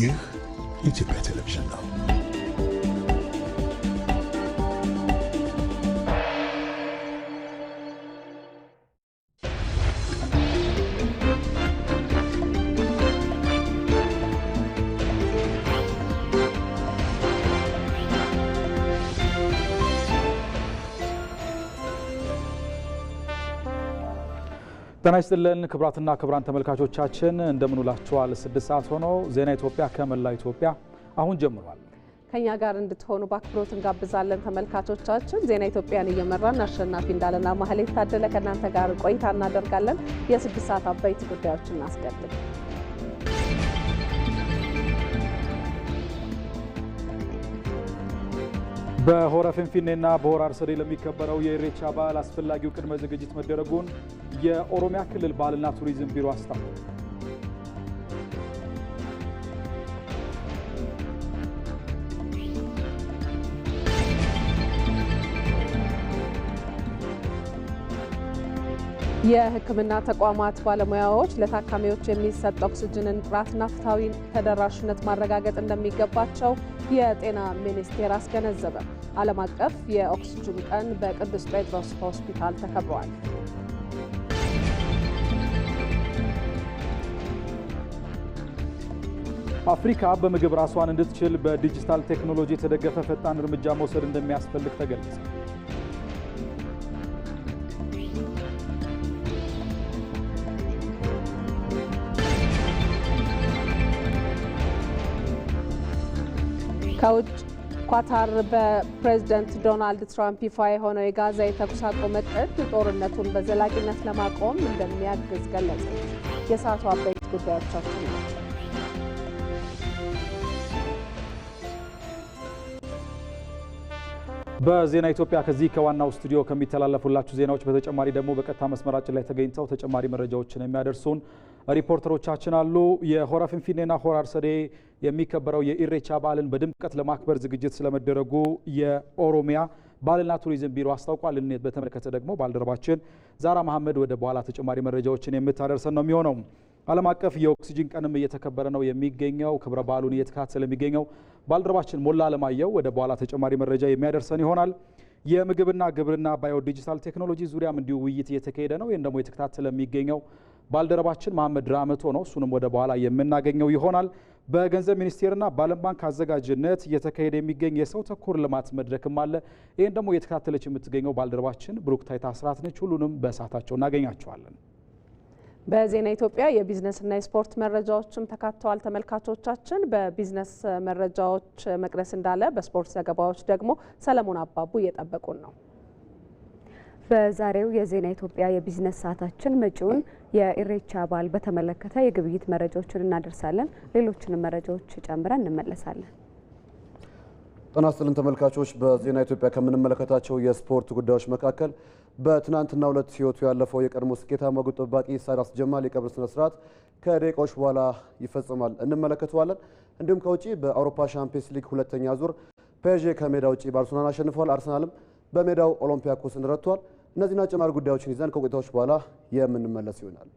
ይህ ኢትዮጵያ ቴሌቪዥን ነው። ጤና ይስጥልን ክብራትና ክብራን ተመልካቾቻችን እንደምንውላችኋል። ስድስት ሰዓት ሆኖ ዜና ኢትዮጵያ ከመላ ኢትዮጵያ አሁን ጀምሯል። ከኛ ጋር እንድትሆኑ በአክብሮት እንጋብዛለን። ተመልካቾቻችን ዜና ኢትዮጵያን እየመራን አሸናፊ እንዳለና ማህሌት ታደለ ከእናንተ ጋር ቆይታ እናደርጋለን። የስድስት ሰዓት አበይት ጉዳዮችን እናስቀድም። በሆረ ፊንፊኔና በሆረ አርሰዴ ለሚከበረው የኢሬቻ በዓል አስፈላጊው ቅድመ ዝግጅት መደረጉን የኦሮሚያ ክልል ባህልና ቱሪዝም ቢሮ አስታወቀ። የሕክምና ተቋማት ባለሙያዎች ለታካሚዎች የሚሰጥ ኦክስጅንን ጥራትና ፍትሐዊ ተደራሽነት ማረጋገጥ እንደሚገባቸው የጤና ሚኒስቴር አስገነዘበ። ዓለም አቀፍ የኦክስጅን ቀን በቅዱስ ጴጥሮስ ሆስፒታል ተከብሯል። አፍሪካ በምግብ ራሷን እንድትችል በዲጂታል ቴክኖሎጂ የተደገፈ ፈጣን እርምጃ መውሰድ እንደሚያስፈልግ ተገለጸ። ከውጭ ኳታር በፕሬዝደንት ዶናልድ ትራምፕ ይፋ የሆነው የጋዛ የተኩስ አቁም እቅድ ጦርነቱን በዘላቂነት ለማቆም እንደሚያግዝ ገለጸ። የሰዓቱ አበይት ጉዳዮቻችን ናቸው። በዜና ኢትዮጵያ ከዚህ ከዋናው ስቱዲዮ ከሚተላለፉላችሁ ዜናዎች በተጨማሪ ደግሞ በቀጥታ መስመራችን ላይ ተገኝተው ተጨማሪ መረጃዎችን የሚያደርሱን ሪፖርተሮቻችን አሉ። የሆራ ፊንፊኔና ሆራ አርሰዴ የሚከበረው የኢሬቻ በዓልን በድምቀት ለማክበር ዝግጅት ስለመደረጉ የኦሮሚያ ባህልና ቱሪዝም ቢሮ አስታውቋል። እኔት በተመለከተ ደግሞ ባልደረባችን ዛራ መሐመድ ወደ በኋላ ተጨማሪ መረጃዎችን የምታደርሰን ነው የሚሆነው። ዓለም አቀፍ የኦክሲጅን ቀንም እየተከበረ ነው የሚገኘው ክብረ በዓሉን እየተከታተለ የሚገኘው ባልደረባችን ሞላ አለማየሁ ወደ በኋላ ተጨማሪ መረጃ የሚያደርሰን ይሆናል። የምግብና ግብርና ባዮ ዲጂታል ቴክኖሎጂ ዙሪያም እንዲሁ ውይይት እየተካሄደ ነው። ይህን ደግሞ የተከታተለ የሚገኘው ባልደረባችን መሐመድ ራመቶ ነው። እሱንም ወደ በኋላ የምናገኘው ይሆናል። በገንዘብ ሚኒስቴርና በዓለም ባንክ አዘጋጅነት እየተካሄደ የሚገኝ የሰው ተኮር ልማት መድረክም አለ። ይህን ደግሞ እየተከታተለች የምትገኘው ባልደረባችን ብሩክታይታ አስራት ነች። ሁሉንም በሰዓታቸው እናገኛቸዋለን። በዜና ኢትዮጵያ የቢዝነስና የስፖርት መረጃዎችም ተካተዋል። ተመልካቾቻችን በቢዝነስ መረጃዎች መቅደስ እንዳለ፣ በስፖርት ዘገባዎች ደግሞ ሰለሞን አባቡ እየጠበቁን ነው። በዛሬው የዜና ኢትዮጵያ የቢዝነስ ሰዓታችን መጪውን የኢሬቻ በዓል በተመለከተ የግብይት መረጃዎችን እናደርሳለን። ሌሎችንም መረጃዎች ጨምረን እንመለሳለን። ጤና ይስጥልን ተመልካቾች። በዜና ኢትዮጵያ ከምንመለከታቸው የስፖርት ጉዳዮች መካከል በትናንትናው ዕለት ህይወቱ ያለፈው የቀድሞ ስኬታማ ግብ ጠባቂ ሳዳስ ጀማል የቀብር ስነ ስርዓት ከደቂቃዎች በኋላ ይፈጽማል፣ እንመለከተዋለን። እንዲሁም ከውጪ በአውሮፓ ሻምፒየንስ ሊግ ሁለተኛ ዙር ፔዤ ከሜዳ ውጪ ባርሰሎናን አሸንፏል። አርሰናልም በሜዳው ኦሎምፒያኮስን ረቷል። እነዚህና ጭማሪ ጉዳዮችን ይዘን ከቆይታዎች በኋላ የምንመለስ ይሆናል።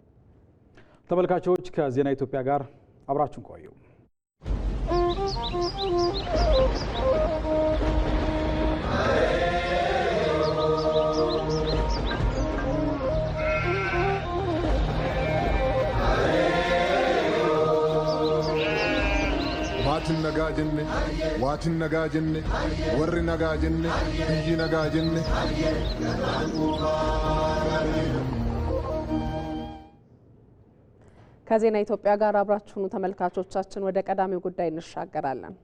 ተመልካቾች ከዜና ኢትዮጵያ ጋር አብራችን ቆዩ። waatin nagaa jenne waatin nagaa jenne warri nagaa jenne biyyi nagaa jenne. ከዜና ኢትዮጵያ ጋር አብራችሁኑ ተመልካቾቻችን፣ ወደ ቀዳሚው ጉዳይ እንሻገራለን።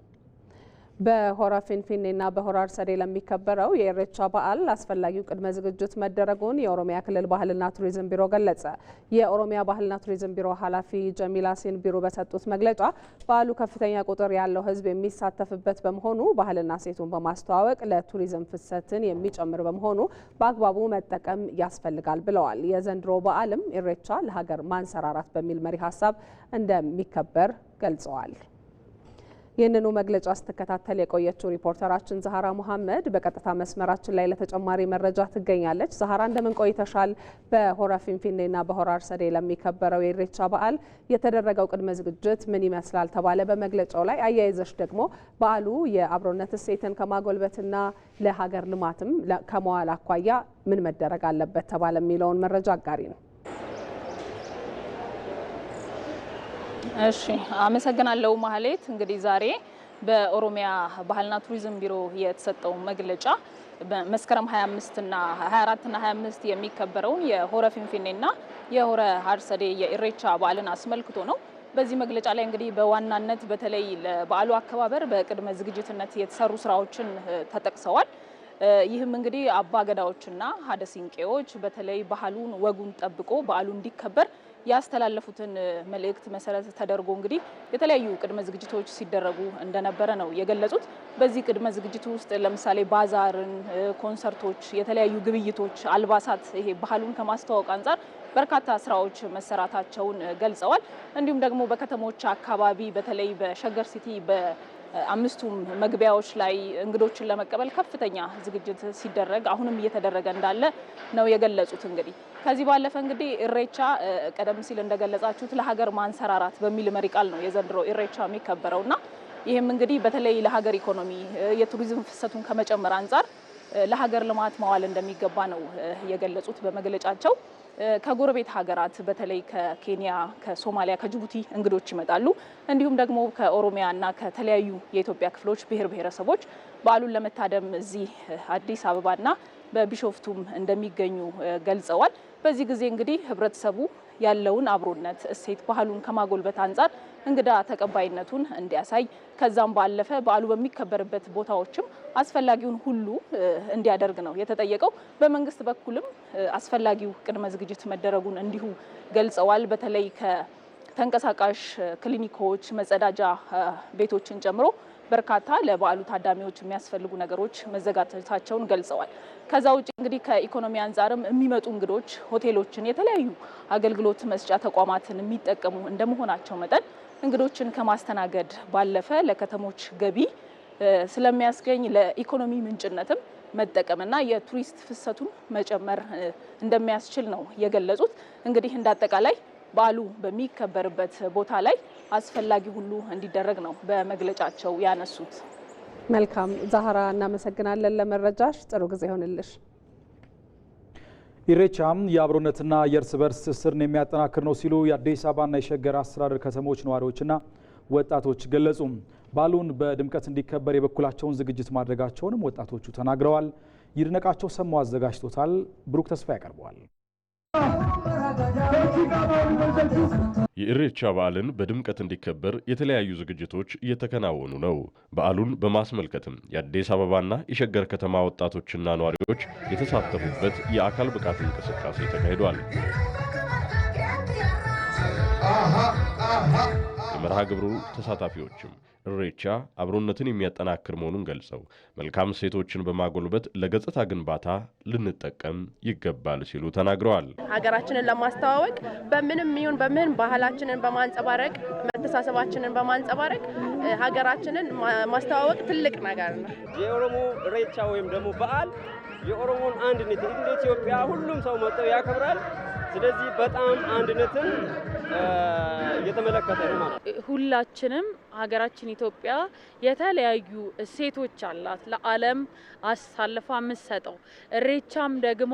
በሆራ ፊንፊኔና በሆራር አርሰዴ ለሚከበረው የኢሬቻ በዓል አስፈላጊው ቅድመ ዝግጅት መደረጉን የኦሮሚያ ክልል ባህልና ቱሪዝም ቢሮ ገለጸ። የኦሮሚያ ባህልና ቱሪዝም ቢሮ ኃላፊ ጀሚላ አሲን ቢሮ በሰጡት መግለጫ በዓሉ ከፍተኛ ቁጥር ያለው ሕዝብ የሚሳተፍበት በመሆኑ ባህልና ሴቱን በማስተዋወቅ ለቱሪዝም ፍሰትን የሚጨምር በመሆኑ በአግባቡ መጠቀም ያስፈልጋል ብለዋል። የዘንድሮ በዓልም ኢሬቻ ለሀገር ማንሰራራት በሚል መሪ ሀሳብ እንደሚከበር ገልጸዋል። ይህንኑ መግለጫ ስትከታተል የቆየችው ሪፖርተራችን ዛህራ ሙሐመድ በቀጥታ መስመራችን ላይ ለተጨማሪ መረጃ ትገኛለች። ዛህራ እንደምን ቆይተሻል? በሆራ ፊንፊኔና በሆራ አርሰዴ ለሚከበረው የኢሬቻ በዓል የተደረገው ቅድመ ዝግጅት ምን ይመስላል ተባለ በመግለጫው ላይ አያይዘሽ ደግሞ በዓሉ የአብሮነት እሴትን ከማጎልበትና ለሀገር ልማትም ከመዋል አኳያ ምን መደረግ አለበት ተባለ የሚለውን መረጃ አጋሪ ነው። እሺ አመሰግናለሁ ማህሌት። እንግዲህ ዛሬ በኦሮሚያ ባህልና ቱሪዝም ቢሮ የተሰጠው መግለጫ በመስከረም 25 እና 24 እና 25 የሚከበረውን የሆረ ፊንፊኔና የሆረ ሀርሰዴ የኢሬቻ በዓልን አስመልክቶ ነው። በዚህ መግለጫ ላይ እንግዲህ በዋናነት በተለይ ለበዓሉ አከባበር በቅድመ ዝግጅትነት የተሰሩ ስራዎችን ተጠቅሰዋል። ይህም እንግዲህ አባ ገዳዎችና ሀደ ሲንቄዎች በተለይ ባህሉን ወጉን ጠብቆ በዓሉ እንዲከበር ያስተላለፉትን መልእክት መሰረት ተደርጎ እንግዲህ የተለያዩ ቅድመ ዝግጅቶች ሲደረጉ እንደነበረ ነው የገለጹት። በዚህ ቅድመ ዝግጅት ውስጥ ለምሳሌ ባዛርን፣ ኮንሰርቶች፣ የተለያዩ ግብይቶች፣ አልባሳት ይሄ ባህሉን ከማስተዋወቅ አንጻር በርካታ ስራዎች መሰራታቸውን ገልጸዋል። እንዲሁም ደግሞ በከተሞች አካባቢ በተለይ በሸገር ሲቲ አምስቱም መግቢያዎች ላይ እንግዶችን ለመቀበል ከፍተኛ ዝግጅት ሲደረግ አሁንም እየተደረገ እንዳለ ነው የገለጹት። እንግዲህ ከዚህ ባለፈ እንግዲህ እሬቻ ቀደም ሲል እንደገለጻችሁት ለሀገር ማንሰራራት በሚል መሪ ቃል ነው የዘንድሮ እሬቻ የሚከበረው እና ይህም እንግዲህ በተለይ ለሀገር ኢኮኖሚ የቱሪዝም ፍሰቱን ከመጨመር አንጻር ለሀገር ልማት መዋል እንደሚገባ ነው የገለጹት በመግለጫቸው። ከጎረቤት ሀገራት በተለይ ከኬንያ፣ ከሶማሊያ፣ ከጅቡቲ እንግዶች ይመጣሉ። እንዲሁም ደግሞ ከኦሮሚያ ና ከተለያዩ የኢትዮጵያ ክፍሎች ብሔር ብሔረሰቦች በዓሉን ለመታደም እዚህ አዲስ አበባና በቢሾፍቱም እንደሚገኙ ገልጸዋል። በዚህ ጊዜ እንግዲህ ህብረተሰቡ ያለውን አብሮነት እሴት ባህሉን ከማጎልበት አንጻር እንግዳ ተቀባይነቱን እንዲያሳይ ከዛም ባለፈ በዓሉ በሚከበርበት ቦታዎችም አስፈላጊውን ሁሉ እንዲያደርግ ነው የተጠየቀው። በመንግስት በኩልም አስፈላጊው ቅድመ ዝግጅት መደረጉን እንዲሁ ገልጸዋል። በተለይ ከተንቀሳቃሽ ክሊኒኮች፣ መጸዳጃ ቤቶችን ጨምሮ በርካታ ለበዓሉ ታዳሚዎች የሚያስፈልጉ ነገሮች መዘጋጀታቸውን ገልጸዋል። ከዛ ውጭ እንግዲህ ከኢኮኖሚ አንጻርም የሚመጡ እንግዶች ሆቴሎችን፣ የተለያዩ አገልግሎት መስጫ ተቋማትን የሚጠቀሙ እንደመሆናቸው መጠን እንግዶችን ከማስተናገድ ባለፈ ለከተሞች ገቢ ስለሚያስገኝ ለኢኮኖሚ ምንጭነትም መጠቀምና የቱሪስት ፍሰቱን መጨመር እንደሚያስችል ነው የገለጹት። እንግዲህ እንዳጠቃላይ በዓሉ በሚከበርበት ቦታ ላይ አስፈላጊ ሁሉ እንዲደረግ ነው በመግለጫቸው ያነሱት። መልካም ዛህራ፣ እናመሰግናለን ለመረጃሽ። ጥሩ ጊዜ ይሆንልሽ። ኢሬቻም የአብሮነትና የእርስ በርስ ትስስርን የሚያጠናክር ነው ሲሉ የአዲስ አበባና የሸገር አስተዳደር ከተሞች ነዋሪዎችና ወጣቶች ገለጹም። በዓሉን በድምቀት እንዲከበር የበኩላቸውን ዝግጅት ማድረጋቸውንም ወጣቶቹ ተናግረዋል። ይድነቃቸው ሰማው አዘጋጅቶታል። ብሩክ ተስፋ ያቀርበዋል። የኢሬቻ በዓልን በድምቀት እንዲከበር የተለያዩ ዝግጅቶች እየተከናወኑ ነው። በዓሉን በማስመልከትም የአዲስ አበባና የሸገር ከተማ ወጣቶችና ነዋሪዎች የተሳተፉበት የአካል ብቃት እንቅስቃሴ ተካሂዷል። የመርሃ ግብሩ ተሳታፊዎችም እሬቻ አብሮነትን የሚያጠናክር መሆኑን ገልጸው መልካም ሴቶችን በማጎልበት ለገጽታ ግንባታ ልንጠቀም ይገባል ሲሉ ተናግረዋል። ሀገራችንን ለማስተዋወቅ በምንም ይሁን በምን ባህላችንን በማንጸባረቅ መተሳሰባችንን በማንጸባረቅ ሀገራችንን ማስተዋወቅ ትልቅ ነገር ነው። የኦሮሞ እሬቻ ወይም ደግሞ በዓል የኦሮሞን አንድነት እንደ ኢትዮጵያ ሁሉም ሰው መጥተው ያከብራል። ስለዚህ በጣም አንድነትን እየተመለከተ ነው ማለት ነው። ሁላችንም ሀገራችን ኢትዮጵያ የተለያዩ እሴቶች አላት፣ ለዓለም አሳልፋ የምትሰጠው። እሬቻም ደግሞ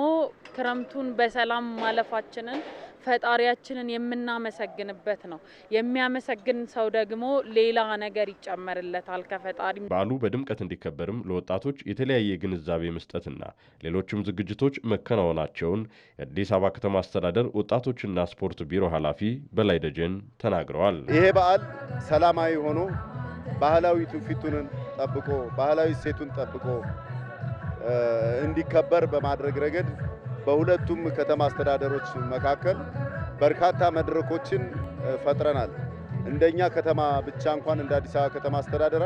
ክረምቱን በሰላም ማለፋችንን ፈጣሪያችንን የምናመሰግንበት ነው። የሚያመሰግን ሰው ደግሞ ሌላ ነገር ይጨመርለታል ከፈጣሪ። በዓሉ በድምቀት እንዲከበርም ለወጣቶች የተለያየ ግንዛቤ መስጠትና ሌሎችም ዝግጅቶች መከናወናቸውን የአዲስ አበባ ከተማ አስተዳደር ወጣቶችና ስፖርት ቢሮ ኃላፊ በላይ ደጀን ተናግረዋል። ይሄ በዓል ሰላማዊ ሆኖ ባህላዊ ትውፊቱን ጠብቆ ባህላዊ እሴቱን ጠብቆ እንዲከበር በማድረግ ረገድ በሁለቱም ከተማ አስተዳደሮች መካከል በርካታ መድረኮችን ፈጥረናል። እንደኛ ከተማ ብቻ እንኳን እንደ አዲስ አበባ ከተማ አስተዳደር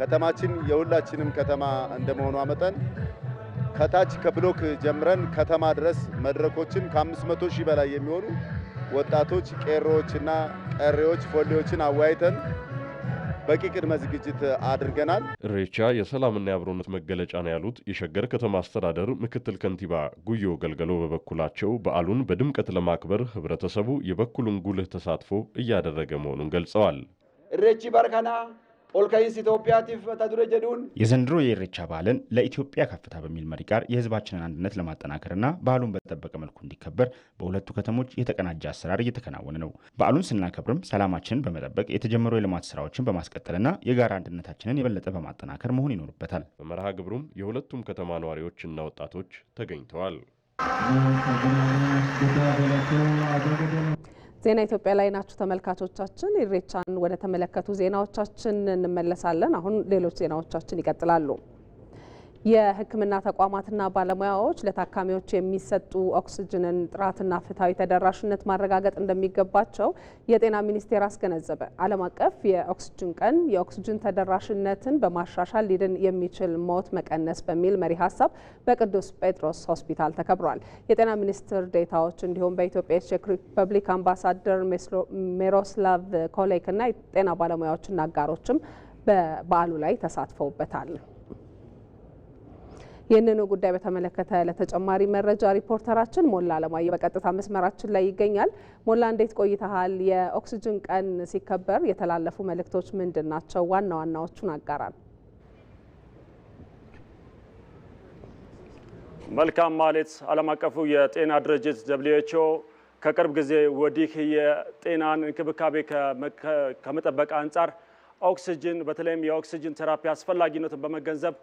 ከተማችን የሁላችንም ከተማ እንደመሆኗ መጠን ከታች ከብሎክ ጀምረን ከተማ ድረስ መድረኮችን ከ500 ሺህ በላይ የሚሆኑ ወጣቶች ቄሮዎችና ቀሬዎች ፎሌዎችን አወያይተን በቂ ቅድመ ዝግጅት አድርገናል። ኢሬቻ የሰላምና የአብሮነት መገለጫ ነው ያሉት የሸገር ከተማ አስተዳደር ምክትል ከንቲባ ጉዮ ገልገሎ በበኩላቸው በዓሉን በድምቀት ለማክበር ህብረተሰቡ የበኩሉን ጉልህ ተሳትፎ እያደረገ መሆኑን ገልጸዋል። ኢሬቺ በርከና ኦልካይንስ ቲፍ ተዱረ ጀዱን የዘንድሮ የኢሬቻ በዓልን ለኢትዮጵያ ከፍታ በሚል መሪ ጋር የህዝባችንን አንድነት ለማጠናከርና በዓሉን በተጠበቀ መልኩ እንዲከበር በሁለቱ ከተሞች የተቀናጀ አሰራር እየተከናወነ ነው። በዓሉን ስናከብርም ሰላማችንን በመጠበቅ የተጀመሩ የልማት ስራዎችን በማስቀጠልና የጋራ አንድነታችንን የበለጠ በማጠናከር መሆን ይኖርበታል። በመርሃ ግብሩም የሁለቱም ከተማ ነዋሪዎችና ወጣቶች ተገኝተዋል። ዜና ኢትዮጵያ ላይ ናችሁ ተመልካቾቻችን። ኢሬቻን ወደ ተመለከቱ ዜናዎቻችን እንመለሳለን። አሁን ሌሎች ዜናዎቻችን ይቀጥላሉ። የሕክምና ተቋማትና ባለሙያዎች ለታካሚዎች የሚሰጡ ኦክስጅንን ጥራትና ፍትሐዊ ተደራሽነት ማረጋገጥ እንደሚገባቸው የጤና ሚኒስቴር አስገነዘበ። ዓለም አቀፍ የኦክስጅን ቀን የኦክስጅን ተደራሽነትን በማሻሻል ሊድን የሚችል ሞት መቀነስ በሚል መሪ ሀሳብ በቅዱስ ጴጥሮስ ሆስፒታል ተከብሯል። የጤና ሚኒስትር ዴታዎች እንዲሁም በኢትዮጵያ የቼክ ሪፐብሊክ አምባሳደር ሜሮስላቭ ኮሌክ እና የጤና ባለሙያዎችና አጋሮችም በበዓሉ ላይ ተሳትፈውበታል። ይህንኑ ጉዳይ በተመለከተ ለተጨማሪ መረጃ ሪፖርተራችን ሞላ አለማየሁ በቀጥታ መስመራችን ላይ ይገኛል። ሞላ እንዴት ቆይተሃል? የኦክስጅን ቀን ሲከበር የተላለፉ መልእክቶች ምንድን ናቸው? ዋና ዋናዎቹን አጋራል። መልካም ማለት ዓለም አቀፉ የጤና ድርጅት ደብሊው ኤች ኦ ከቅርብ ጊዜ ወዲህ የጤናን እንክብካቤ ከመጠበቅ አንጻር ኦክስጅን በተለይም የኦክስጅን ቴራፒ አስፈላጊነትን በመገንዘብ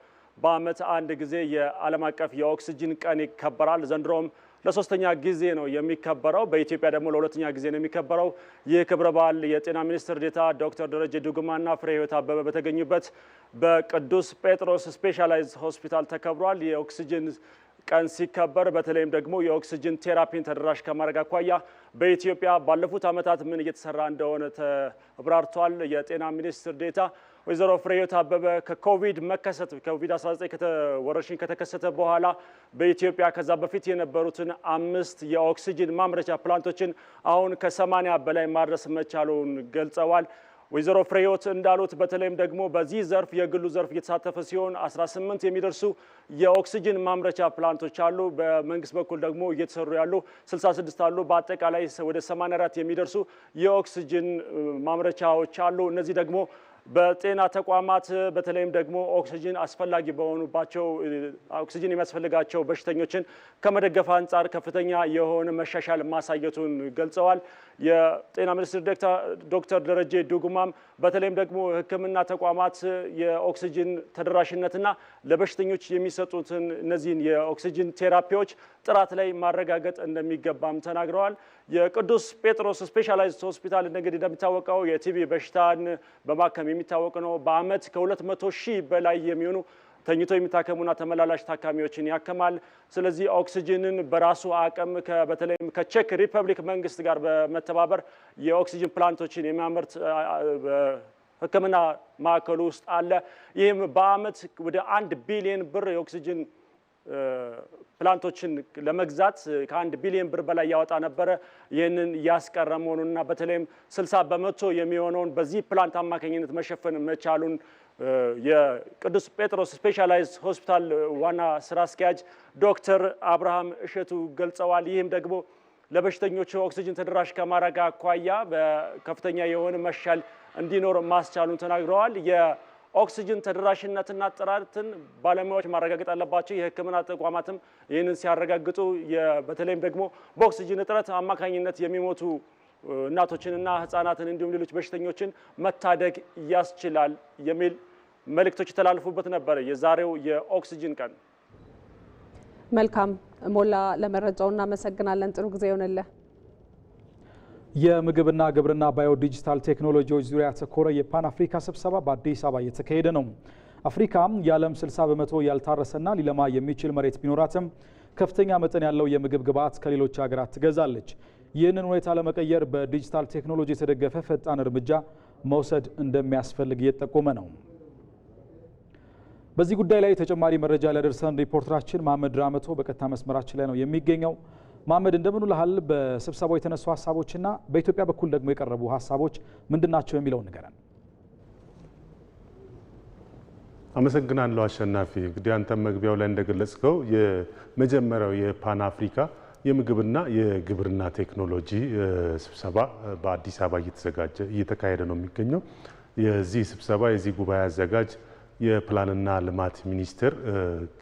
በዓመት አንድ ጊዜ የዓለም አቀፍ የኦክስጅን ቀን ይከበራል። ዘንድሮም ለሶስተኛ ጊዜ ነው የሚከበረው። በኢትዮጵያ ደግሞ ለሁለተኛ ጊዜ ነው የሚከበረው። ይህ ክብረ በዓል የጤና ሚኒስትር ዴታ ዶክተር ደረጀ ዱጉማና ፍሬ ህይወት አበበ በተገኙበት በቅዱስ ጴጥሮስ ስፔሻላይዝ ሆስፒታል ተከብሯል። የኦክስጅን ቀን ሲከበር በተለይም ደግሞ የኦክስጅን ቴራፒን ተደራሽ ከማድረግ አኳያ በኢትዮጵያ ባለፉት ዓመታት ምን እየተሰራ እንደሆነ ተብራርቷል። የጤና ሚኒስትር ዴታ ወይዘሮ ፍሬህይወት አበበ ከኮቪድ መከሰት ኮቪድ-19 ወረርሽኝ ከተከሰተ በኋላ በኢትዮጵያ ከዛ በፊት የነበሩትን አምስት የኦክሲጅን ማምረቻ ፕላንቶችን አሁን ከሰማንያ በላይ ማድረስ መቻሉን ገልጸዋል። ወይዘሮ ፍሬህይወት እንዳሉት በተለይም ደግሞ በዚህ ዘርፍ የግሉ ዘርፍ እየተሳተፈ ሲሆን 18 የሚደርሱ የኦክሲጅን ማምረቻ ፕላንቶች አሉ። በመንግስት በኩል ደግሞ እየተሰሩ ያሉ 66 አሉ። በአጠቃላይ ወደ 84 የሚደርሱ የኦክሲጅን ማምረቻዎች አሉ። እነዚህ ደግሞ በጤና ተቋማት በተለይም ደግሞ ኦክሲጅን አስፈላጊ በሆኑባቸው ኦክሲጅን የሚያስፈልጋቸው በሽተኞችን ከመደገፍ አንጻር ከፍተኛ የሆነ መሻሻል ማሳየቱን ገልጸዋል። የጤና ሚኒስትር ዶክተር ደረጀ ዱጉማም በተለይም ደግሞ ሕክምና ተቋማት የኦክሲጅን ተደራሽነትና ለበሽተኞች የሚሰጡትን እነዚህን የኦክሲጅን ቴራፒዎች ጥራት ላይ ማረጋገጥ እንደሚገባም ተናግረዋል። የቅዱስ ጴጥሮስ ስፔሻላይዝድ ሆስፒታል እንግዲህ እንደሚታወቀው የቲቪ በሽታን በማከም የሚታወቅ ነው። በአመት ከሁለት መቶ ሺህ በላይ የሚሆኑ ተኝቶ የሚታከሙና ተመላላሽ ታካሚዎችን ያከማል። ስለዚህ ኦክሲጅንን በራሱ አቅም በተለይም ከቼክ ሪፐብሊክ መንግስት ጋር በመተባበር የኦክሲጅን ፕላንቶችን የሚያመርት ሕክምና ማዕከሉ ውስጥ አለ። ይህም በአመት ወደ አንድ ቢሊየን ብር የኦክሲጅን ፕላንቶችን ለመግዛት ከአንድ ቢሊዮን ብር በላይ ያወጣ ነበረ። ይህንን እያስቀረ መሆኑንና በተለይም ስልሳ በመቶ የሚሆነውን በዚህ ፕላንት አማካኝነት መሸፈን መቻሉን የቅዱስ ጴጥሮስ ስፔሻላይዝድ ሆስፒታል ዋና ስራ አስኪያጅ ዶክተር አብርሃም እሸቱ ገልጸዋል። ይህም ደግሞ ለበሽተኞቹ ኦክሲጅን ተደራሽ ከማድረግ አኳያ በከፍተኛ የሆነ መሻል እንዲኖር ማስቻሉን ተናግረዋል። የኦክሲጅን ተደራሽነትና ጥራትን ባለሙያዎች ማረጋገጥ አለባቸው። የሕክምና ተቋማትም ይህንን ሲያረጋግጡ፣ በተለይም ደግሞ በኦክሲጅን እጥረት አማካኝነት የሚሞቱ እናቶችንና ህጻናትን እንዲሁም ሌሎች በሽተኞችን መታደግ ያስችላል የሚል መልእክቶች የተላለፉበት ነበረ የዛሬው የኦክስጅን ቀን። መልካም ሞላ፣ ለመረጃው እናመሰግናለን። ጥሩ ጊዜ ይሆንልህ። የምግብና ግብርና ባዮ ዲጂታል ቴክኖሎጂዎች ዙሪያ ያተኮረ የፓን አፍሪካ ስብሰባ በአዲስ አበባ እየተካሄደ ነው። አፍሪካ የዓለም 60 በመቶ ያልታረሰና ሊለማ የሚችል መሬት ቢኖራትም ከፍተኛ መጠን ያለው የምግብ ግብዓት ከሌሎች ሀገራት ትገዛለች። ይህንን ሁኔታ ለመቀየር በዲጂታል ቴክኖሎጂ የተደገፈ ፈጣን እርምጃ መውሰድ እንደሚያስፈልግ እየጠቆመ ነው። በዚህ ጉዳይ ላይ ተጨማሪ መረጃ ሊያደርሰን ሪፖርተራችን መሐመድ ራመቶ በቀጥታ መስመራችን ላይ ነው የሚገኘው። ማመድ እንደምን ላህል በስብሰባው የተነሱ ሀሳቦችና በኢትዮጵያ በኩል ደግሞ የቀረቡ ሀሳቦች ምንድን ናቸው የሚለውን ንገረን። አመሰግናለሁ አሸናፊ። እንግዲህ አንተም መግቢያው ላይ እንደገለጽከው የመጀመሪያው የፓን አፍሪካ የምግብና የግብርና ቴክኖሎጂ ስብሰባ በአዲስ አበባ እየተዘጋጀ እየተካሄደ ነው የሚገኘው። የዚህ ስብሰባ የዚህ ጉባኤ አዘጋጅ የፕላንና ልማት ሚኒስቴር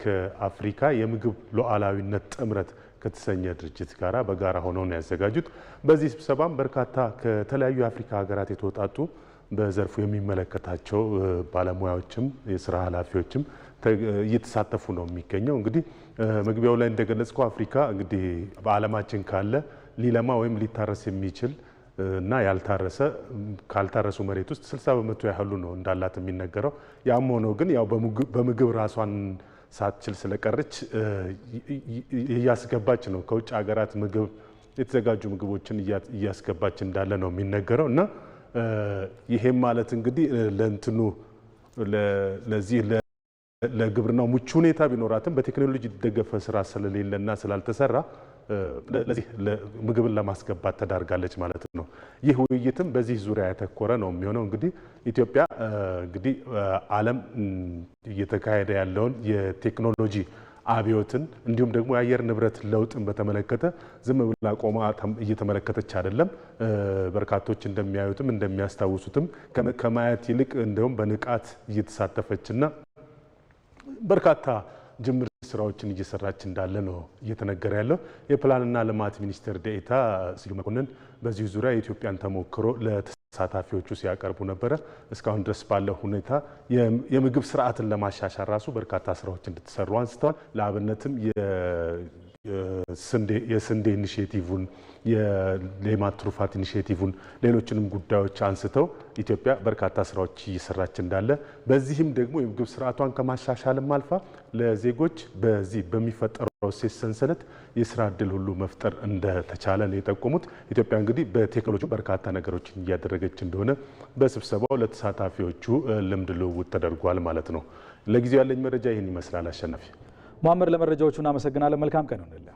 ከአፍሪካ የምግብ ሉዓላዊነት ጥምረት ከተሰኘ ድርጅት ጋር በጋራ ሆነው ነው ያዘጋጁት። በዚህ ስብሰባም በርካታ ከተለያዩ የአፍሪካ ሀገራት የተወጣጡ በዘርፉ የሚመለከታቸው ባለሙያዎችም የስራ ኃላፊዎችም እየተሳተፉ ነው የሚገኘው። እንግዲህ መግቢያው ላይ እንደገለጽከው አፍሪካ እንግዲህ በዓለማችን ካለ ሊለማ ወይም ሊታረስ የሚችል እና ያልታረሰ ካልታረሱ መሬት ውስጥ 60 በመቶ ያህሉ ነው እንዳላት የሚነገረው። ያም ሆኖ ግን ያው በምግብ ራሷን ሳትችል ስለቀረች እያስገባች ነው ከውጭ ሀገራት ምግብ የተዘጋጁ ምግቦችን እያስገባች እንዳለ ነው የሚነገረው እና ይሄም ማለት እንግዲህ ለእንትኑ ለዚህ ለግብርናው ምቹ ሁኔታ ቢኖራትም በቴክኖሎጂ የተደገፈ ስራ ስለሌለና ስላልተሰራ ለዚህ ምግብን ለማስገባት ተዳርጋለች ማለት ነው። ይህ ውይይትም በዚህ ዙሪያ ያተኮረ ነው የሚሆነው። እንግዲህ ኢትዮጵያ እንግዲህ ዓለም እየተካሄደ ያለውን የቴክኖሎጂ አብዮትን እንዲሁም ደግሞ የአየር ንብረት ለውጥን በተመለከተ ዝም ብላ ቆማ እየተመለከተች አይደለም። በርካቶች እንደሚያዩትም እንደሚያስታውሱትም ከማየት ይልቅ እንዲሁም በንቃት እየተሳተፈችና በርካታ ጅምር ስራዎችን እየሰራች እንዳለ ነው እየተነገረ ያለው። የፕላንና ልማት ሚኒስቴር ዴኤታ ስዩ መኮንን በዚህ ዙሪያ የኢትዮጵያን ተሞክሮ ለተሳታፊዎቹ ሲያቀርቡ ነበረ። እስካሁን ድረስ ባለው ሁኔታ የምግብ ስርዓትን ለማሻሻል ራሱ በርካታ ስራዎች እንድትሰሩ አንስተዋል። ለአብነትም የስንዴ ኢኒሽቲቭን የሌማት ትሩፋት ኢኒሽቲቭን ሌሎችንም ጉዳዮች አንስተው ኢትዮጵያ በርካታ ስራዎች እየሰራች እንዳለ በዚህም ደግሞ የምግብ ስርዓቷን ከማሻሻልም አልፋ ለዜጎች በዚህ በሚፈጠረው እሴት ሰንሰለት የስራ እድል ሁሉ መፍጠር እንደተቻለ ነው የጠቆሙት። ኢትዮጵያ እንግዲህ በቴክኖሎጂ በርካታ ነገሮችን እያደረገች እንደሆነ በስብሰባው ለተሳታፊዎቹ ልምድ ልውውጥ ተደርጓል ማለት ነው። ለጊዜው ያለኝ መረጃ ይህን ይመስላል። አሸናፊ መሐመድ ለመረጃዎቹ እናመሰግናለን። መልካም ቀን ይሁንልን።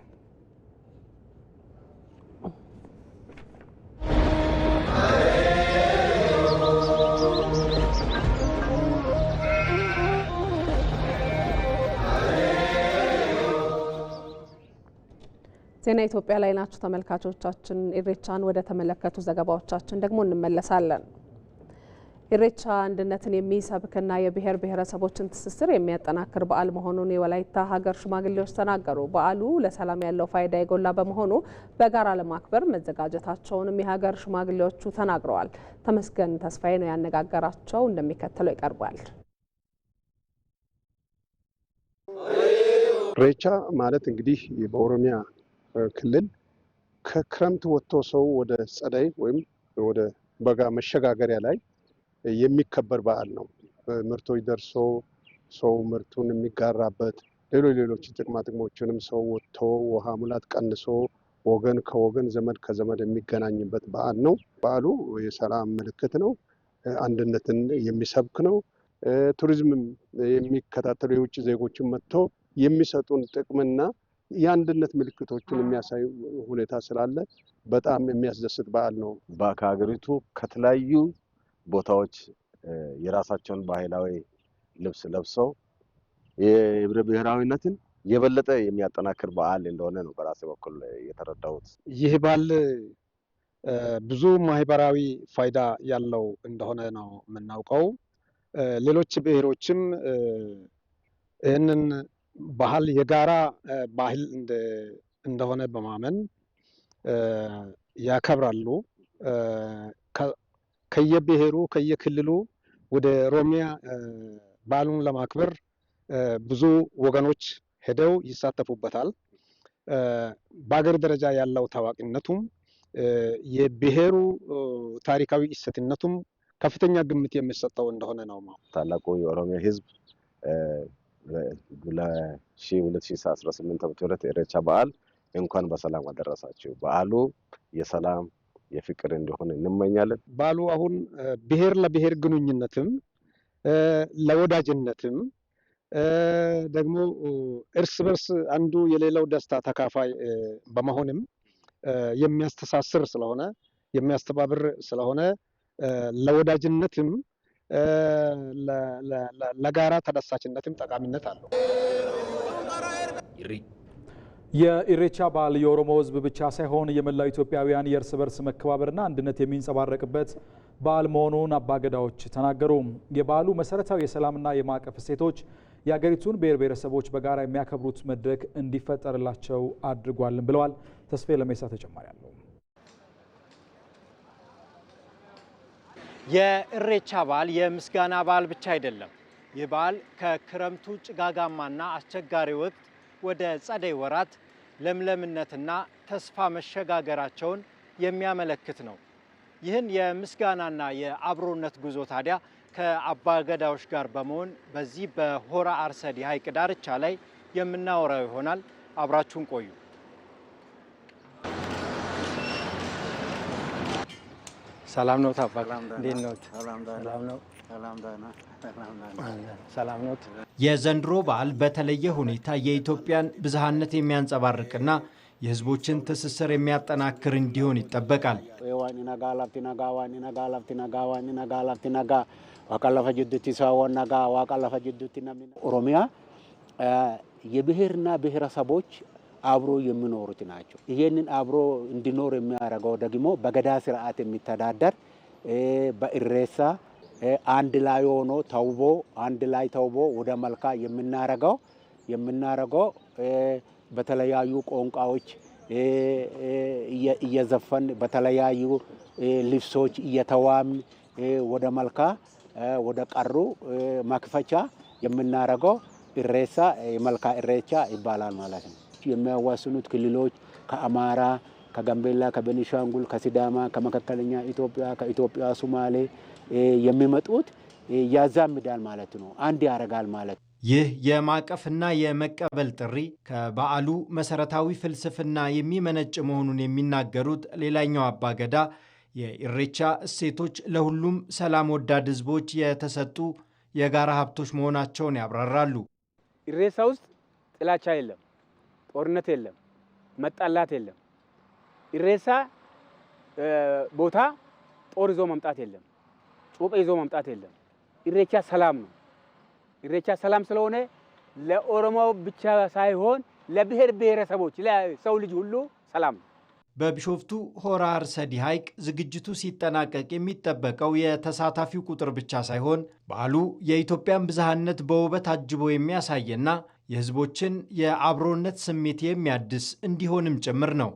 ዜና ኢትዮጵያ ላይ ናችሁ ተመልካቾቻችን። ኢሬቻን ወደ ተመለከቱ ዘገባዎቻችን ደግሞ እንመለሳለን። ኢሬቻ አንድነትን የሚሰብክና የብሔር ብሔረሰቦችን ትስስር የሚያጠናክር በዓል መሆኑን የወላይታ ሀገር ሽማግሌዎች ተናገሩ። በዓሉ ለሰላም ያለው ፋይዳ የጎላ በመሆኑ በጋራ ለማክበር መዘጋጀታቸውንም የሀገር ሽማግሌዎቹ ተናግረዋል። ተመስገን ተስፋዬ ነው ያነጋገራቸው፣ እንደሚከተለው ይቀርባል። ኢሬቻ ማለት እንግዲህ በኦሮሚያ ክልል ከክረምት ወጥቶ ሰው ወደ ጸደይ ወይም ወደ በጋ መሸጋገሪያ ላይ የሚከበር በዓል ነው። ምርቶች ደርሶ ሰው ምርቱን የሚጋራበት ሌሎች ሌሎች ጥቅማ ጥቅሞችንም ሰው ወጥቶ ውሃ ሙላት ቀንሶ ወገን ከወገን ዘመድ ከዘመድ የሚገናኝበት በዓል ነው። በዓሉ የሰላም ምልክት ነው። አንድነትን የሚሰብክ ነው። ቱሪዝምም የሚከታተሉ የውጭ ዜጎችን መጥቶ የሚሰጡን ጥቅምና የአንድነት ምልክቶችን የሚያሳይ ሁኔታ ስላለ በጣም የሚያስደስት በዓል ነው። በአገሪቱ ከተለያዩ ቦታዎች የራሳቸውን ባህላዊ ልብስ ለብሰው የህብረ ብሔራዊነትን የበለጠ የሚያጠናክር በዓል እንደሆነ ነው በራሴ በኩል የተረዳሁት። ይህ በዓል ብዙ ማህበራዊ ፋይዳ ያለው እንደሆነ ነው የምናውቀው። ሌሎች ብሔሮችም ይህንን ባህል የጋራ ባህል እንደሆነ በማመን ያከብራሉ። ከየብሔሩ ከየክልሉ ወደ ኦሮሚያ በዓሉን ለማክበር ብዙ ወገኖች ሄደው ይሳተፉበታል። በሀገር ደረጃ ያለው ታዋቂነቱም የብሔሩ ታሪካዊ እሴትነቱም ከፍተኛ ግምት የሚሰጠው እንደሆነ ነው። ታላቁ የኦሮሚያ ሕዝብ ለ2018 ዓ.ም ኢሬቻ በዓል እንኳን በሰላም አደረሳችሁ። በዓሉ የሰላም የፍቅር እንደሆነ እንመኛለን። በዓሉ አሁን ብሔር ለብሔር ግንኙነትም ለወዳጅነትም ደግሞ እርስ በርስ አንዱ የሌላው ደስታ ተካፋይ በመሆንም የሚያስተሳስር ስለሆነ የሚያስተባብር ስለሆነ ለወዳጅነትም ለጋራ ተደሳችነትም ጠቃሚነት አለው። የኢሬቻ በዓል የኦሮሞ ሕዝብ ብቻ ሳይሆን የመላው ኢትዮጵያውያን የእርስ በርስ መከባበርና አንድነት የሚንጸባረቅበት በዓል መሆኑን አባገዳዎች ተናገሩ። የበዓሉ መሰረታዊ የሰላምና የማዕቀፍ እሴቶች የአገሪቱን ብሔር ብሔረሰቦች በጋራ የሚያከብሩት መድረክ እንዲፈጠርላቸው አድርጓልን ብለዋል። ተስፌ ለሜሳ ተጨማሪ አለው። የኢሬቻ በዓል የምስጋና በዓል ብቻ አይደለም። ይህ በዓል ከክረምቱ ጭጋጋማና አስቸጋሪ ወቅት ወደ ጸደይ ወራት ለምለምነትና ተስፋ መሸጋገራቸውን የሚያመለክት ነው። ይህን የምስጋናና የአብሮነት ጉዞ ታዲያ ከአባገዳዎች ጋር በመሆን በዚህ በሆራ አርሰዲ ሐይቅ ዳርቻ ላይ የምናወራው ይሆናል። አብራችሁን ቆዩ። ሰላም ነው እንዴት ነው? ሰላም ነው። የዘንድሮ በዓል በተለየ ሁኔታ የኢትዮጵያን ብዝሃነት የሚያንጸባርቅና የህዝቦችን ትስስር የሚያጠናክር እንዲሆን ይጠበቃል። ኦሮሚያ የብሔርና ብሔረሰቦች አብሮ የሚኖሩት ናቸው። ይሄንን አብሮ እንዲኖር የሚያደርገው ደግሞ በገዳ ስርዓት የሚተዳደር በእሬሳ አንድ ላይ ሆኖ ተውቦ አንድ ላይ ተውቦ ወደ መልካ የምናረገው የምናረገው በተለያዩ ቋንቋዎች እየዘፈን በተለያዩ ልብሶች እየተዋም ወደ መልካ ወደ ቀሩ መክፈቻ የምናረገው እሬሳ የመልካ እሬቻ ይባላል ማለት ነው። የሚያዋስኑት ክልሎች ከአማራ፣ ከጋምቤላ፣ ከቤኒሻንጉል፣ ከሲዳማ፣ ከመካከለኛ ኢትዮጵያ፣ ከኢትዮጵያ ሱማሌ የሚመጡት ያዛምዳል ማለት ነው። አንድ ያረጋል ማለት ነው። ይህ የማቀፍና የመቀበል ጥሪ ከበዓሉ መሰረታዊ ፍልስፍና የሚመነጭ መሆኑን የሚናገሩት ሌላኛው አባገዳ የኢሬቻ እሴቶች ለሁሉም ሰላም ወዳድ ህዝቦች የተሰጡ የጋራ ሀብቶች መሆናቸውን ያብራራሉ። ኢሬቻ ውስጥ ጥላቻ የለም። ጦርነት የለም፣ መጣላት የለም። ኢሬሳ ቦታ ጦር ይዞ መምጣት የለም፣ ጩቤ ይዞ መምጣት የለም። ኢሬቻ ሰላም ነው። ኢሬቻ ሰላም ስለሆነ ለኦሮሞ ብቻ ሳይሆን ለብሔር ብሔረሰቦች ለሰው ልጅ ሁሉ ሰላም ነው። በቢሾፍቱ ሆራ አርሰዲ ሐይቅ ዝግጅቱ ሲጠናቀቅ የሚጠበቀው የተሳታፊው ቁጥር ብቻ ሳይሆን በዓሉ የኢትዮጵያን ብዝሃነት በውበት አጅቦ የሚያሳይና የሕዝቦችን የአብሮነት ስሜት የሚያድስ እንዲሆንም ጭምር ነው።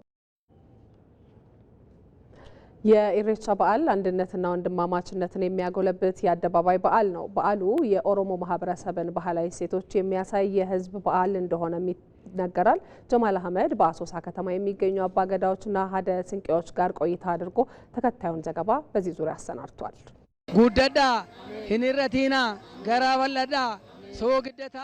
የኢሬቻ በዓል አንድነትና ወንድማማችነትን የሚያጎለብት የአደባባይ በዓል ነው። በዓሉ የኦሮሞ ማህበረሰብን ባህላዊ እሴቶች የሚያሳይ የህዝብ በዓል እንደሆነም ይነገራል። ጀማል አህመድ በአሶሳ ከተማ የሚገኙ አባገዳዎችና ሀደ ስንቄዎች ጋር ቆይታ አድርጎ ተከታዩን ዘገባ በዚህ ዙሪያ አሰናድቷል። ጉደዳ ሂኒረቲና ገራ በለዳ ሰው ግደታ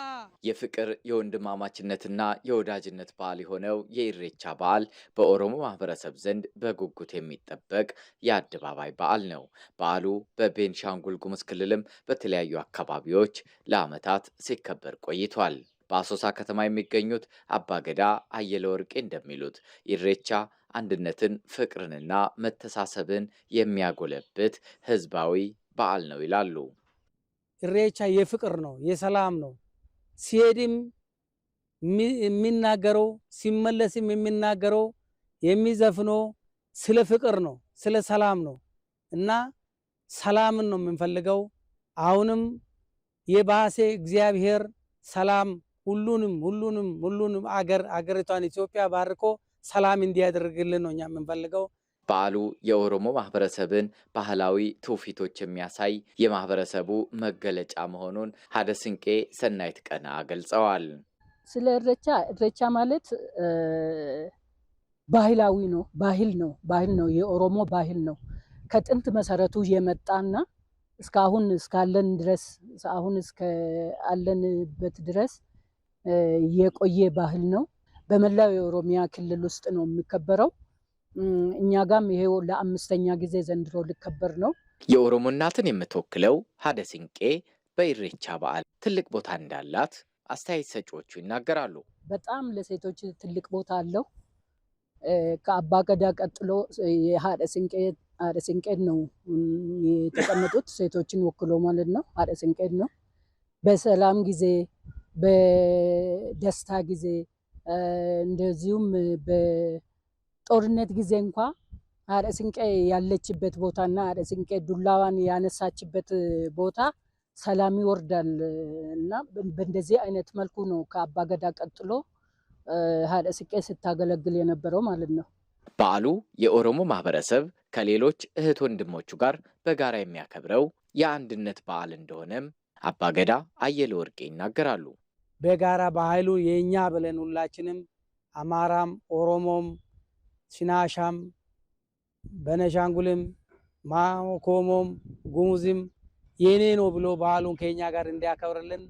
የፍቅር የወንድማማችነትና የወዳጅነት በዓል የሆነው የኢሬቻ በዓል በኦሮሞ ማህበረሰብ ዘንድ በጉጉት የሚጠበቅ የአደባባይ በዓል ነው። በዓሉ በቤንሻንጉል ጉሙዝ ክልልም በተለያዩ አካባቢዎች ለዓመታት ሲከበር ቆይቷል። በአሶሳ ከተማ የሚገኙት አባገዳ አየለ ወርቄ እንደሚሉት ኢሬቻ አንድነትን፣ ፍቅርንና መተሳሰብን የሚያጎለብት ህዝባዊ በዓል ነው ይላሉ። እሬቻ የፍቅር ነው፣ የሰላም ነው። ሲሄድም የሚናገረው ሲመለስም የሚናገረው የሚዘፍኖ ስለ ፍቅር ነው፣ ስለ ሰላም ነው እና ሰላምን ነው የምንፈልገው። አሁንም የባሴ እግዚአብሔር ሰላም ሁሉንም ሁሉንም ሁሉንም አገር አገሪቷን ኢትዮጵያ ባርኮ ሰላም እንዲያደርግልን ነው እኛ የምንፈልገው። በዓሉ የኦሮሞ ማህበረሰብን ባህላዊ ትውፊቶች የሚያሳይ የማህበረሰቡ መገለጫ መሆኑን ሀደ ስንቄ ሰናይት ቀና ገልጸዋል። ስለ እረቻ እረቻ ማለት ባህላዊ ነው፣ ባህል ነው፣ ባህል ነው፣ የኦሮሞ ባህል ነው። ከጥንት መሰረቱ የመጣና እስካሁን እስካለን ድረስ አሁን እስካለንበት ድረስ የቆየ ባህል ነው። በመላው የኦሮሚያ ክልል ውስጥ ነው የሚከበረው። እኛ ጋም ይሄው ለአምስተኛ ጊዜ ዘንድሮ ሊከበር ነው። የኦሮሞ እናትን የምትወክለው ሀደ ስንቄ በኢሬቻ በዓል ትልቅ ቦታ እንዳላት አስተያየት ሰጪዎቹ ይናገራሉ። በጣም ለሴቶች ትልቅ ቦታ አለው። ከአባ ገዳ ቀጥሎ የሀደ ስንቄድ ነው የተቀመጡት ሴቶችን ወክሎ ማለት ነው። ሀደ ስንቄድ ነው። በሰላም ጊዜ፣ በደስታ ጊዜ እንደዚሁም ጦርነት ጊዜ እንኳ አረ ስንቄ ያለችበት ቦታና አረ ስንቄ ዱላዋን ያነሳችበት ቦታ ሰላም ይወርዳል እና በእንደዚህ አይነት መልኩ ነው ከአባገዳ ቀጥሎ አረ ስንቄ ስታገለግል የነበረው ማለት ነው። በዓሉ የኦሮሞ ማህበረሰብ ከሌሎች እህት ወንድሞቹ ጋር በጋራ የሚያከብረው የአንድነት በዓል እንደሆነም አባገዳ አየል አየለ ወርቄ ይናገራሉ። በጋራ በኃይሉ የእኛ ብለን ሁላችንም አማራም ኦሮሞም ሲናሻም በነሻንጉልም ማኮሞም ጉሙዝም የኔ ነው ብሎ በዓሉን ከኛ ጋር እንዲያከብርልን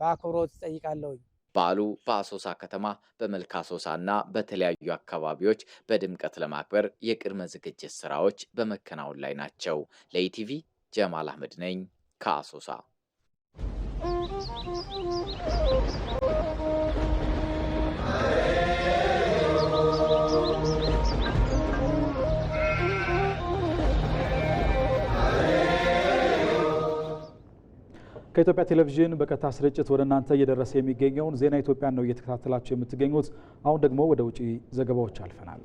በአክብሮት ጠይቃለሁኝ። በዓሉ በአሶሳ ከተማ በመልካ እና በተለያዩ አካባቢዎች በድምቀት ለማክበር የቅድመ ዝግጅት ስራዎች በመከናወን ላይ ናቸው። ለኢቲቪ ጀማል አህመድ ነኝ ከአሶሳ። ከኢትዮጵያ ቴሌቪዥን በቀጥታ ስርጭት ወደ እናንተ እየደረሰ የሚገኘውን ዜና ኢትዮጵያን ነው እየተከታተላቸው የምትገኙት። አሁን ደግሞ ወደ ውጪ ዘገባዎች አልፈናል።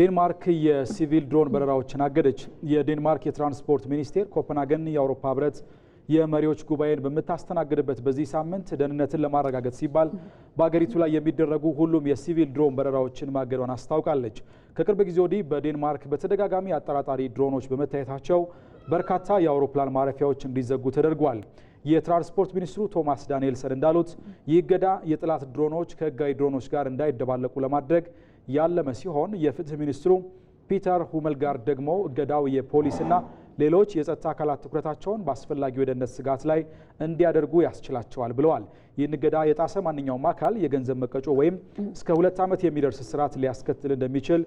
ዴንማርክ የሲቪል ድሮን በረራዎችን አገደች። የዴንማርክ የትራንስፖርት ሚኒስቴር ኮፐንሃገን የአውሮፓ ህብረት የመሪዎች ጉባኤን በምታስተናግድበት በዚህ ሳምንት ደህንነትን ለማረጋገጥ ሲባል በአገሪቱ ላይ የሚደረጉ ሁሉም የሲቪል ድሮን በረራዎችን ማገዷን አስታውቃለች። ከቅርብ ጊዜ ወዲህ በዴንማርክ በተደጋጋሚ አጠራጣሪ ድሮኖች በመታየታቸው በርካታ የአውሮፕላን ማረፊያዎች እንዲዘጉ ተደርጓል። የትራንስፖርት ሚኒስትሩ ቶማስ ዳንኤልሰን እንዳሉት ይህ እገዳ ድሮኖች ከህጋዊ ድሮኖች ጋር እንዳይደባለቁ ለማድረግ ያለመ ሲሆን የፍትህ ሚኒስትሩ ፒተር ሁመልጋርድ ደግሞ እገዳው የፖሊስና ሌሎች የጸጥታ አካላት ትኩረታቸውን በአስፈላጊ የደህንነት ስጋት ላይ እንዲያደርጉ ያስችላቸዋል ብለዋል። ይህን እገዳ የጣሰ ማንኛውም አካል የገንዘብ መቀጮ ወይም እስከ ሁለት ዓመት የሚደርስ እስራት ሊያስከትል እንደሚችል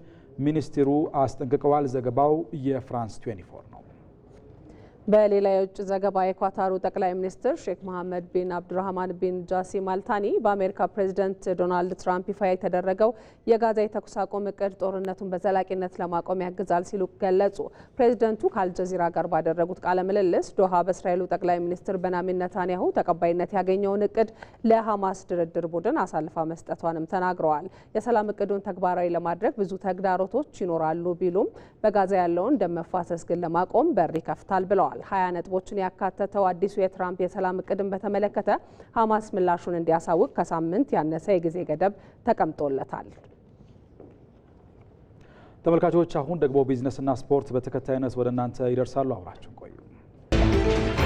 ሚኒስትሩ አስጠንቅቀዋል። ዘገባው የፍራንስ 24 ነው። በሌላ የውጭ ዘገባ የኳታሩ ጠቅላይ ሚኒስትር ሼክ መሐመድ ቢን አብዱራህማን ቢን ጃሲም አልታኒ በአሜሪካ ፕሬዚደንት ዶናልድ ትራምፕ ይፋ የተደረገው የጋዛ የተኩስ አቁም እቅድ ጦርነቱን በዘላቂነት ለማቆም ያግዛል ሲሉ ገለጹ። ፕሬዚደንቱ ከአልጀዚራ ጋር ባደረጉት ቃለ ምልልስ ዶሃ በእስራኤሉ ጠቅላይ ሚኒስትር በናሚን ነታንያሁ ተቀባይነት ያገኘውን እቅድ ለሐማስ ድርድር ቡድን አሳልፋ መስጠቷንም ተናግረዋል። የሰላም እቅዱን ተግባራዊ ለማድረግ ብዙ ተግዳሮቶች ይኖራሉ ቢሉም በጋዛ ያለውን ደም መፋሰስ ግን ለማቆም በር ይከፍታል ብለዋል። ተናግረዋል። ሀያ ነጥቦችን ያካተተው አዲሱ የትራምፕ የሰላም እቅድን በተመለከተ ሀማስ ምላሹን እንዲያሳውቅ ከሳምንት ያነሰ የጊዜ ገደብ ተቀምጦለታል። ተመልካቾች አሁን ደግሞ ቢዝነስና ስፖርት በተከታይነት ወደ እናንተ ይደርሳሉ። አብራችሁ ቆዩ።